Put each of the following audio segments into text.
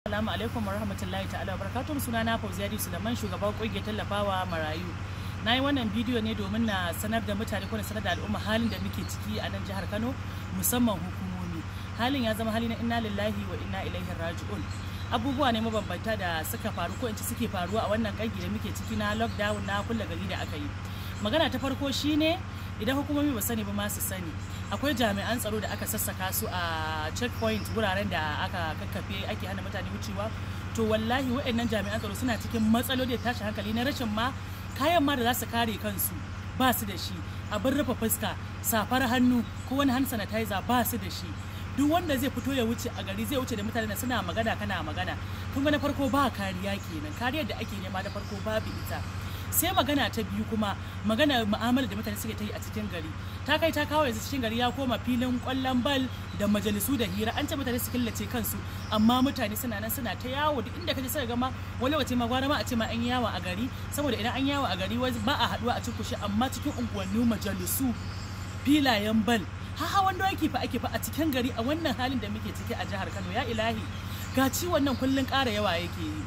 Assalamu alaikum warahmatullahi ta'ala barakatuh suna na Fauziyari Sulaiman shugaban kungiyar tallafawa marayu. Na yi wannan bidiyo ne domin na sanar da mutane ko na sanar da al'umma halin da muke ciki a nan jihar Kano musamman hukumomi. Halin ya zama hali na inna lillahi wa inna ilaihi raji'un. Abubuwa ne mabambanta da suka faru ko in ci suke faruwa a wannan kangi da muke ciki na lockdown na kulle gari da aka yi. magana ta farko shine idan hukumomi ba sani ba masu sani akwai jami'an tsaro da aka sassaka su a checkpoint wuraren da aka kakkafe ake hana mutane wucewa to wallahi waɗannan jami'an tsaro suna cikin matsaloli da tashin hankali na rashin ma kayan ma da za su kare kansu ba su da shi abin rufe fuska safar hannu ko wani hand sanitizer ba su da shi duk wanda zai fito ya wuce a gari zai wuce da mutane suna magana kana magana kun ga na farko ba kariya kenan kariyar da ake nema da farko babu ita sai magana ta biyu kuma magana mu'amala da mutane suke ta yi a cikin gari ta kai ta kawo yanzu cikin gari ya koma filin kwallon bal da majalisu da hira an ce mutane su killace kansu amma mutane suna nan suna ta yawo duk inda kaje sai ga ma wani wace ma gwara ma a ce ma an yawo a gari saboda idan an yawo a gari ba a haduwa a cikin amma cikin unguwannin majalisu filayen bal ha hawan yake fa ake fa a cikin gari a wannan halin da muke ciki a jihar Kano ya ilahi ga ciwon nan kullun ƙara yawa yake yi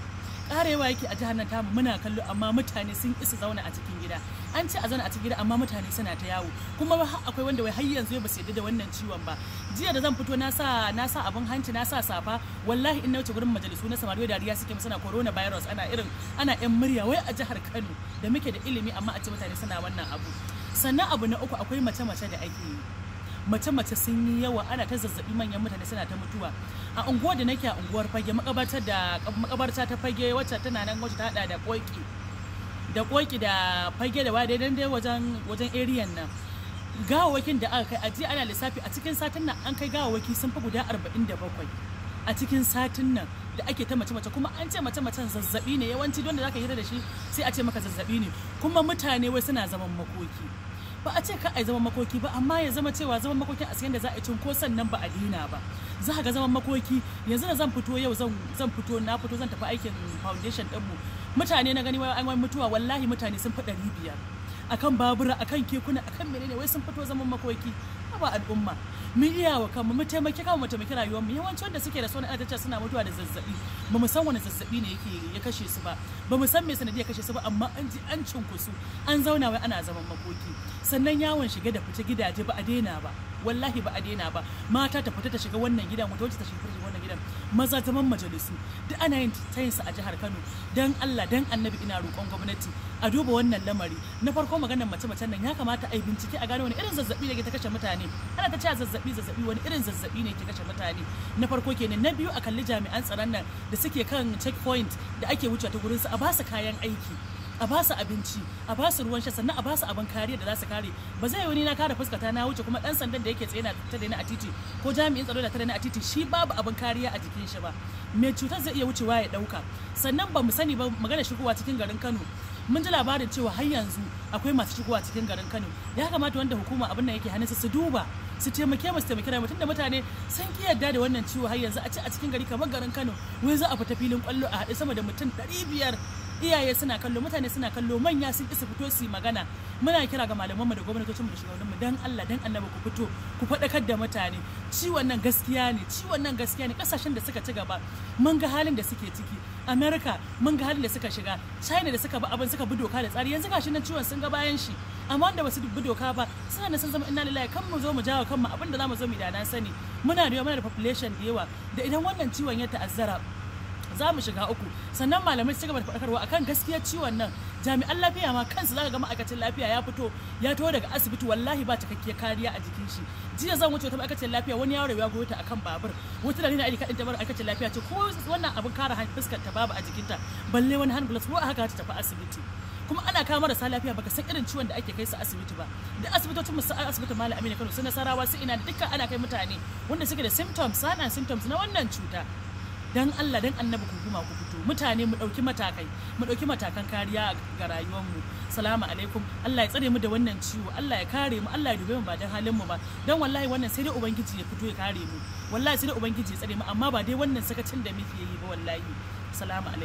karewa yake a jihar tamu muna kallo amma mutane sun isa zauna a cikin gida an ce a zauna a cikin gida amma mutane suna ta yawo kuma akwai wanda wai har yanzu ba su yarda da wannan ciwon ba jiya da zan fito na sa na sa abun hanci na sa safa wallahi in na wuce gurin majalisu na samari dariya suke suna corona virus ana irin ana yan murya wai a jihar Kano da muke da ilimi amma a ce mutane suna wannan abu sannan abu na uku akwai mace-mace da ake yi mace-mace sun yi yawa ana ta zazzabi manyan mutane suna ta mutuwa a unguwar da nake a unguwar fage makabarta ta fage wacce tana nan wacce ta hada da koki da koki da fage da wadai dan dai wajen wajen area nan gawawakin da aka kai a jiya ana lissafi a cikin satin nan an kai gawawaki sun fi guda 47 a cikin satin nan da ake ta mace-mace kuma an ce mace-macen zazzabi ne yawanci don da za ka hira da shi sai a ce maka zazzabi ne kuma mutane wai suna zaman makoki ba a ce ka zaman makoki ba amma ya zama cewa zaman makoki a da za a cin ko sannan ba a dina ba za ga zaman makoki yanzu da zan fito yau zan fito na fito zan tafi aikin foundation ɗinmu mutane na gani an mutuwa wallahi mutane sun fi ɗari biyar akan babura akan kekuna akan menene wai sun fito zaman makoki ba al'umma mun iya wa kanmu mu taimaki kanmu mu taimake rayuwarmu yawanci wanda suke da sauran adacha suna mutuwa da zazzabi ba mu san wani zazzabi ne yake ya kashe su ba ba mu san me sanadiyar kashe su ba amma an ji an cunkusu an zauna wai ana zaman makoki sannan yawon shiga da fita gidaje ba a daina ba wallahi ba a daina ba mata ta fita ta shiga wannan gidan wata wacce ta shiga wannan gidan maza zaman majalisu duk ana yin tayinsa a jihar Kano dan Allah dan Annabi ina roƙon gwamnati a duba wannan lamari na farko maganar mace-macen nan ya kamata a yi bincike a gano wani irin zazzabi da ke ta kashe mutane mutane ana ta cewa zazzabi zazzabi wani irin zazzabi ne ke kashe mutane na farko kenan na biyu a kalli jami'an tsaron nan da suke kan checkpoint da ake wucewa ta gurin su a basu kayan aiki a ba abinci a ba ruwan sha sannan a ba abin kariya da za su kare ba zai wani na kare fuskata na wuce kuma dan sandan da yake tsaye na ta daina a titi ko jami'in tsaro da ta daina a titi shi babu abin kariya a jikin shi ba mai cutar zai iya wucewa ya dauka sannan ba mu sani ba magana shigowa cikin garin Kano mun ji labarin cewa har yanzu akwai masu shigowa cikin garin Kano ya kamata wanda hukuma abin nan yake hannunsa su duba su taimake mu su taimake mu tunda mutane san ki yarda da wannan ciwo har yanzu a ci a cikin gari kamar garin Kano wai za a fita filin kwallo a haɗe sama da mutum 500 iyaye suna kallo mutane suna kallo manya sun isa fito su yi magana muna kira ga mu da gwamnatocinmu da mu dan Allah dan annabi ku fito ku faɗakar da mutane ciwon nan gaskiya ne ciwon nan gaskiya ne kasashen da suka ci gaba mun ga halin da suke ciki America mun ga halin da suka shiga China da suka bi abin suka bi doka da tsari yanzu gashi nan ciwon sun ga bayan shi amma wanda basu bi doka ba suna nan sun zama inna lillahi kan mu zo mu jawo kanmu abin da zamu zo mu da na sani muna da yawa muna da population da yawa da idan wannan ciwon ya ta'azzara za mu shiga uku sannan malamai su gaba da faɗakarwa akan gaskiya ciwon nan jami'an lafiya ma kansu zaka ga ma'aikacin lafiya ya fito ya taho daga asibiti wallahi ba cikakkiyar kariya a jikin shi jiya zan wuce wata ma'aikacin lafiya wani yaro ya goyo ta akan babur wata da nina aiki ta bar ma'aikacin lafiya ce ko wannan abin kare fuskar ta babu a jikinta balle wani hand gloves ko a haka ta tafi asibiti kuma ana kawo marasa lafiya baka san irin ciwon da ake kai su asibiti ba da asibitocin musu asibitin malam amina kano su nasarawa su ina dukkan ana kai mutane wanda suke da symptoms sana symptoms na wannan cuta dan Allah dan annabi ku kuma ku fito mutane mu dauki matakai mu dauki matakan kariya ga rayuwar mu salamu alaikum Allah ya tsare mu da wannan ciwo Allah ya kare mu Allah ya dube mu ba dan halin mu ba dan wallahi wannan sai dai ubangiji ya fito ya kare mu wallahi sai dai ubangiji ya tsare mu amma ba dai wannan sakacin da muke yi ba wallahi salamu alaikum